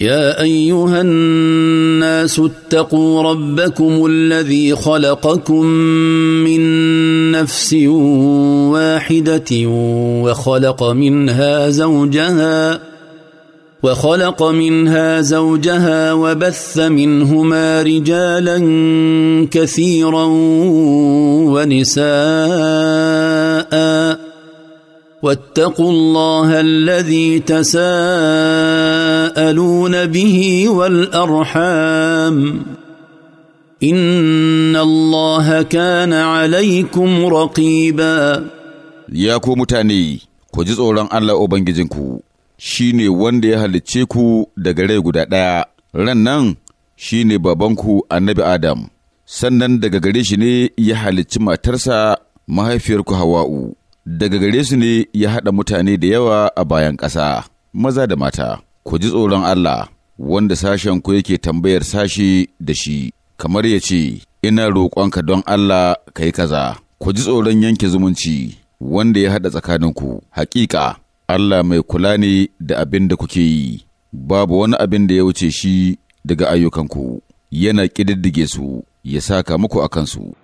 يا ايها الناس اتقوا ربكم الذي خلقكم من نفس واحده وخلق منها زوجها وخلق منها زوجها وبث منهما رجالا كثيرا ونساء واتقوا الله الذي تساءلون به والارحام ان الله كان عليكم رقيبا يا ku mutane ku ji tsoron Allah ubangijinku shine wanda ya halicce ku daga rai guda ɗaya ran nan shine babanku annabi Adam sannan daga gare shi ne ya halicci matarsa mahaifiyarku Hawwa'u daga gare su ne ya haɗa mutane da yawa a bayan ƙasa, maza da mata, ku ji tsoron Allah, wanda sashen ku yake tambayar sashi da shi, kamar ya ce, Ina roƙonka don Allah ka yi kaza, ku ji tsoron yanke zumunci, wanda ya haɗa tsakaninku, haƙiƙa, Allah mai kula ne da abin da kuke yi, babu wani abin da ya wuce shi daga ayyukanku, yana ƙididdige su, ya saka muku a kansu.